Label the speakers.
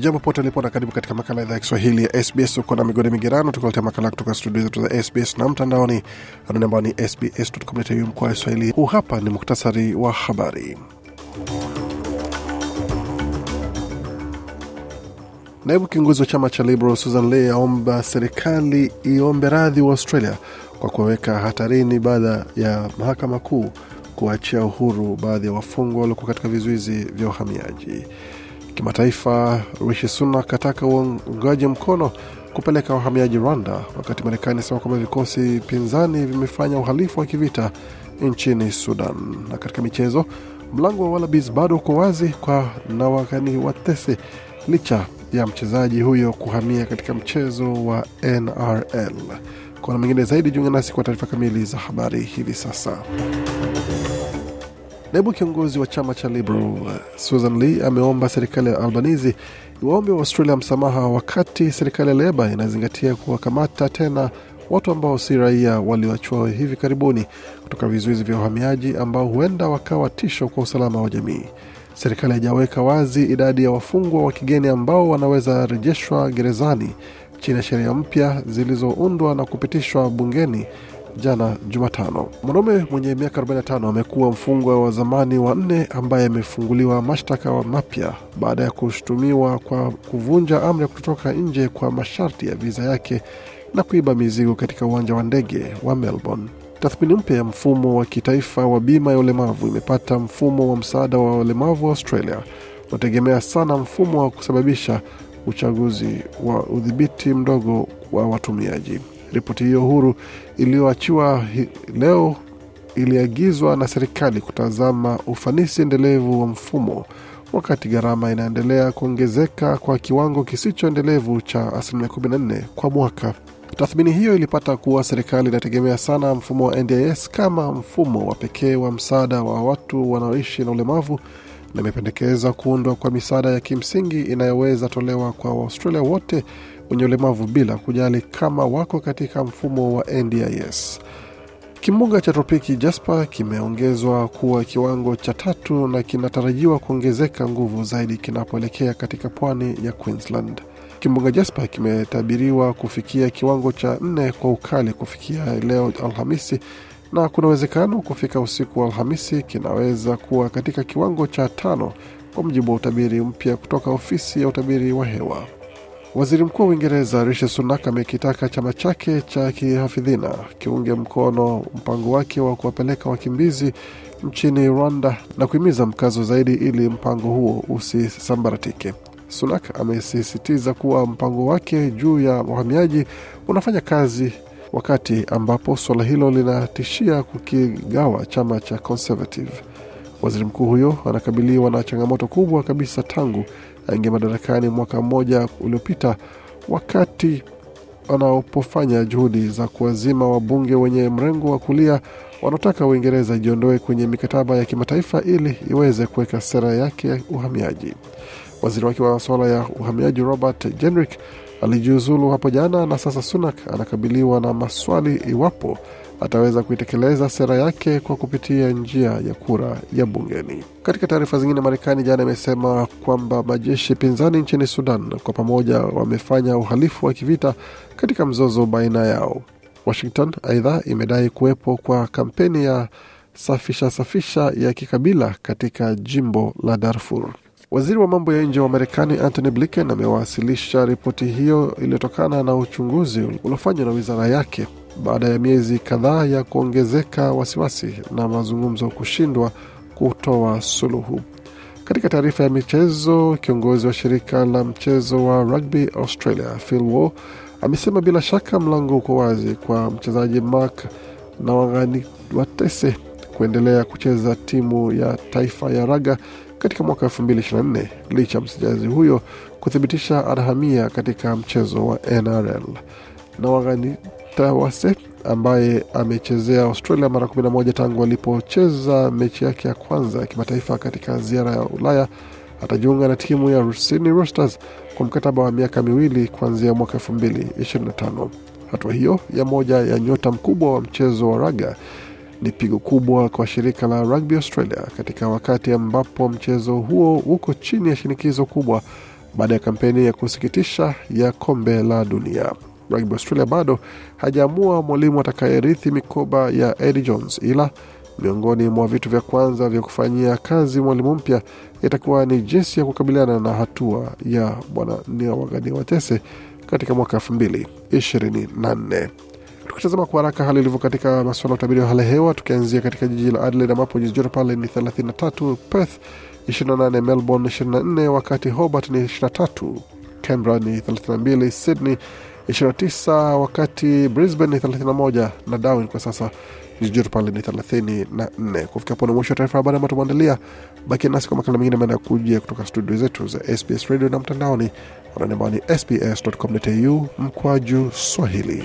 Speaker 1: jambo pote ulipo na karibu katika makala idhaa ya Kiswahili ya SBS. Uko na migodi migerano, tukuletea makala kutoka studio zetu za SBS na mtandaoni anani ambao ni sbs.com.au mkoa Swahili. Huu hapa ni muktasari wa habari. Naibu kiongozi wa chama cha Liberal Susan Ley aomba serikali iombe radhi wa Australia kwa kuwaweka hatarini baada ya mahakama kuu kuachia uhuru baadhi ya wafungwa waliokuwa katika vizuizi vya uhamiaji kimataifa. Rishi Sunak ataka uungaji mkono kupeleka wahamiaji Rwanda, wakati Marekani asema kwamba vikosi pinzani vimefanya uhalifu wa kivita nchini Sudan. Na katika michezo, mlango wa Wallabies bado uko wazi kwa Nawakani Watese licha ya mchezaji huyo kuhamia katika mchezo wa NRL. Kwa na mengine zaidi, jiunge nasi kwa taarifa kamili za habari hivi sasa. Naibu kiongozi wa chama cha Liberal Susan Lee ameomba serikali ya Albanizi iwaombe wa Australia msamaha wakati serikali ya Leba inazingatia kuwakamata tena watu ambao si raia walioachiwa hivi karibuni kutoka vizuizi vya uhamiaji ambao huenda wakawa tisho kwa usalama wa jamii. Serikali haijaweka wazi idadi ya wafungwa wa kigeni ambao wanaweza rejeshwa gerezani chini ya sheria mpya zilizoundwa na kupitishwa bungeni jana Jumatano. Mwanaume mwenye miaka 45 amekuwa mfungwa wa zamani wa nne ambaye amefunguliwa mashtaka mapya baada ya kushutumiwa kwa kuvunja amri ya kutotoka nje kwa masharti ya viza yake na kuiba mizigo katika uwanja wa ndege wa Melbourne. Tathmini mpya ya mfumo wa kitaifa wa bima ya ulemavu imepata mfumo wa msaada wa ulemavu wa Australia unategemea sana mfumo wa kusababisha uchaguzi wa udhibiti mdogo wa watumiaji. Ripoti hiyo huru iliyoachiwa leo iliagizwa na serikali kutazama ufanisi endelevu wa mfumo wakati gharama inaendelea kuongezeka kwa kiwango kisichoendelevu cha asilimia 14 kwa mwaka. Tathmini hiyo ilipata kuwa serikali inategemea sana mfumo wa NDIS kama mfumo wa pekee wa msaada wa watu wanaoishi na ulemavu na imependekeza kuundwa kwa misaada ya kimsingi inayoweza tolewa kwa Waaustralia wote wenye ulemavu bila kujali kama wako katika mfumo wa NDIS. Kimbunga cha tropiki Jasper kimeongezwa kuwa kiwango cha tatu na kinatarajiwa kuongezeka nguvu zaidi kinapoelekea katika pwani ya Queensland. Kimbunga Jasper kimetabiriwa kufikia kiwango cha nne kwa ukali kufikia leo Alhamisi, na kuna uwezekano kufika usiku wa Alhamisi kinaweza kuwa katika kiwango cha tano, kwa mujibu wa utabiri mpya kutoka ofisi ya utabiri wa hewa. Waziri Mkuu wa Uingereza Rishi Sunak amekitaka chama chake cha kihafidhina kiunge mkono mpango wake wa kuwapeleka wakimbizi nchini Rwanda na kuhimiza mkazo zaidi ili mpango huo usisambaratike. Sunak amesisitiza kuwa mpango wake juu ya wahamiaji unafanya kazi wakati ambapo suala hilo linatishia kukigawa chama cha Conservative. Waziri mkuu huyo anakabiliwa na changamoto kubwa kabisa tangu aingia madarakani mwaka mmoja uliopita, wakati wanaopofanya juhudi za kuwazima wabunge wenye mrengo wa kulia wanaotaka Uingereza ijiondoe kwenye mikataba ya kimataifa ili iweze kuweka sera yake ya uhamiaji. Waziri wake wa masuala ya uhamiaji Robert Jenrick alijiuzulu hapo jana, na sasa Sunak anakabiliwa na maswali iwapo ataweza kuitekeleza sera yake kwa kupitia njia ya kura ya bungeni. Katika taarifa zingine, Marekani jana imesema kwamba majeshi pinzani nchini Sudan kwa pamoja wamefanya uhalifu wa kivita katika mzozo baina yao. Washington aidha imedai kuwepo kwa kampeni ya safisha safisha ya kikabila katika jimbo la Darfur. Waziri wa mambo ya nje wa Marekani Antony Blinken amewasilisha ripoti hiyo iliyotokana na uchunguzi uliofanywa na wizara yake baada ya miezi kadhaa ya kuongezeka wasiwasi na mazungumzo kushindwa kutoa suluhu. Katika taarifa ya michezo, kiongozi wa shirika la mchezo wa rugby Australia Phil Waugh amesema bila shaka mlango uko wazi kwa mchezaji Mark na wangani watese kuendelea kucheza timu ya taifa ya raga katika mwaka 2024 licha ya mchezaji huyo kuthibitisha anahamia katika mchezo wa NRL. Na Waganitawase ambaye amechezea Australia mara 11 tangu alipocheza mechi yake ya kwanza ya kimataifa katika ziara ya Ulaya atajiunga na timu ya Sydney Roosters kwa mkataba wa miaka miwili kuanzia mwaka 2025. Hatua hiyo ya moja ya nyota mkubwa wa mchezo wa raga ni pigo kubwa kwa shirika la Rugby Australia katika wakati ambapo mchezo huo uko chini ya shinikizo kubwa baada ya kampeni ya kusikitisha ya kombe la dunia. Rugby Australia bado hajaamua mwalimu atakayerithi mikoba ya Eddie Jones, ila miongoni mwa vitu vya kwanza vya kufanyia kazi mwalimu mpya itakuwa ni jinsi ya kukabiliana na hatua ya bwana Neowagani Watese katika mwaka 2024. Tukitazama kwa haraka hali ilivyo katika masuala ya utabiri wa hali ya hewa, tukianzia katika jiji la Adelaide ambapo nyuzi joto pale ni 33, Perth 28, Melbourne 24, wakati Hobart ni 23, Canberra ni 32, Sydney 29, wakati Brisbane ni 31 na Darwin kwa sasa nyuzi joto pale ni 34. Kufikia hapo ni mwisho wa taarifa habari ambayo tumeandalia. Bakia nasi kwa makala mengine maenda kuja kutoka studio zetu za SBS Radio na mtandaoni, anwani ambao ni sbs.com.au mkwaju Swahili.